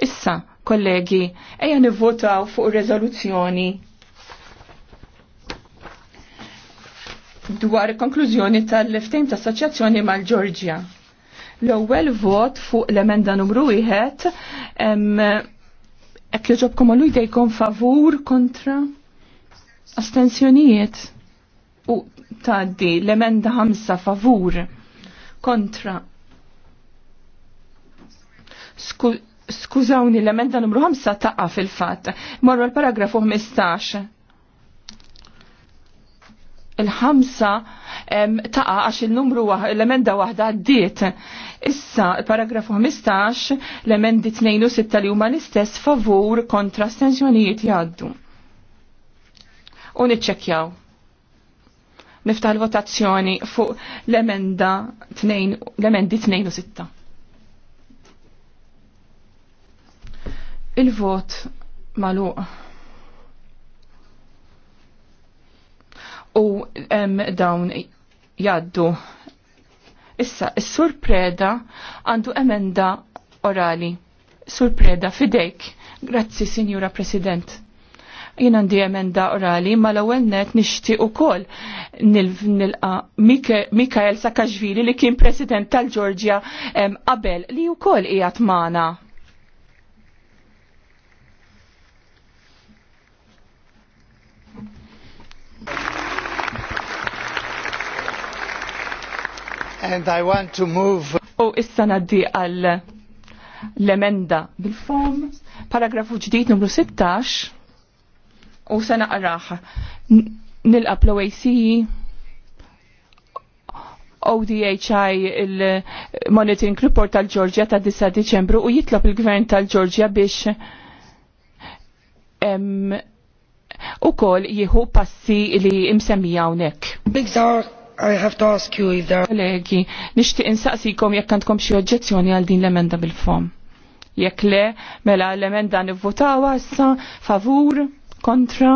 Issa, kollegi, eja nivvotaw fuq rezoluzzjoni dwar konklużjoni tal-liftejn ta' assoċjazzjoni mal-Ġorġja. L-ewwel vot fuq l-emenda numru wieħed hekk joġobkom għal idejkom favur kontra astensjonijiet u tgħaddi l-emenda ħamsa favur kontra Skużawni, l-emenda numru 5 taqqa fil-fat. Morru l-paragrafu 15. Il-ħamsa taqa għax il-numru l-emenda wahda għaddiet. Issa, paragrafu 15, l-emendi 26 li huma l-istess favur kontra stenzjonijiet jgħaddu. U niċċekjaw. Niftaħ l-votazzjoni fuq l-emenda l-emendi 26. Il-vot maluq. U em, dawn jaddu. Issa, s-Sur surpreda għandu emenda orali. Surpreda fidejk. Grazzi, Signora President jien għandi emenda orali, ma l-ewwel net nixtieq ukoll nilqa Mikael Sakaxvili li kien President tal-Ġorġja qabel li wkoll qiegħed magħna. And I want to move. U issa naddi għal l-emenda bil-form, paragrafu ġdid numru 16, u sena qaraħ nilqab l-OAC, ODHI il-monitoring report tal-Ġorġja ta' 10 Deċembru u jitlob il-gvern tal-Ġorġja biex u kol jieħu passi li imsemmi unek. Big I have to ask you if there Kollegi, nixtieq insaqsikom jekk għandkom xi oġġezzjoni għal din l-emenda bil-fom. Jekk le, mela l-emenda nivvotaw issa favur, kontra,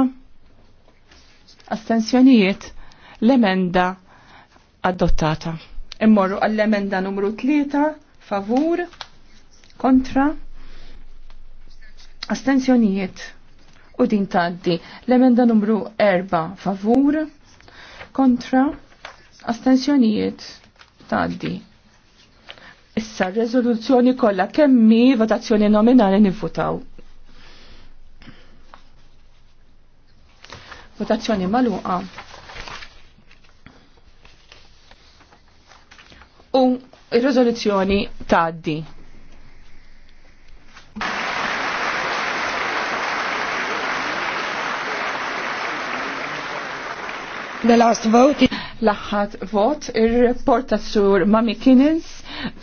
astensjonijiet, l-emenda adottata. Immorru għall-emenda numru 3, favur, kontra, astensjonijiet. U din taddi l-emenda numru 4, favur, kontra, Astenzjonijiet taddi. Issa r-rezoluzzjoni kollha kemmi votazzjoni nominali nifutaw. Votazzjoni maluqa. U rezoluzzjoni taddi. The last vote laħħat vot ir reporta sur Mami Kinnins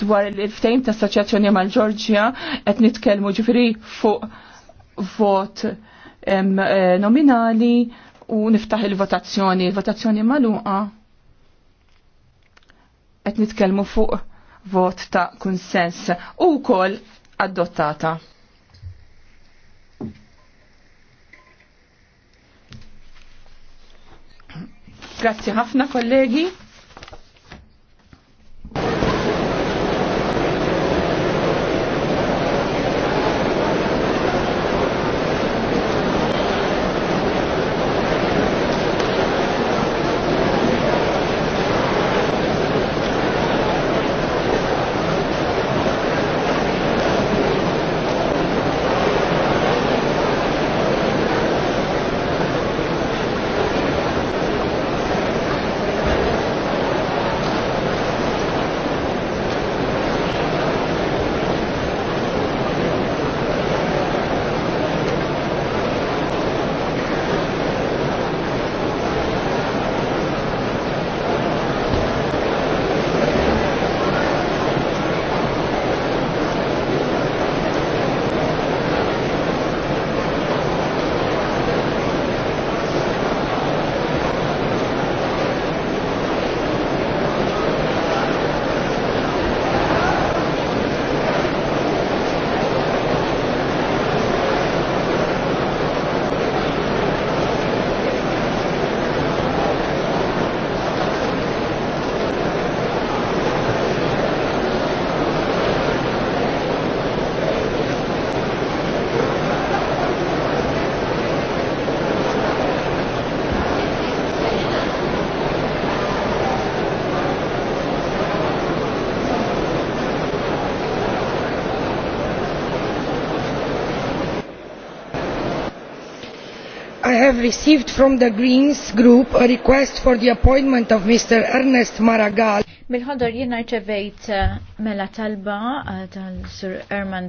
dwar il-ftejm ta' Assoċjazzjoni mal-Ġorġja qed nitkellmu ġifri fuq vot eh, nominali u niftaħ il-votazzjoni. Il-votazzjoni magħluqa qed nitkellmu fuq vot ta' kunsens u kol adottata. Grazie ħafna kollegi. have received from the Greens group a request for the appointment of Mr. Ernest Maragall. Mil-ħodor jien ċevejt eh, mela talba eh, tal-Sur Erman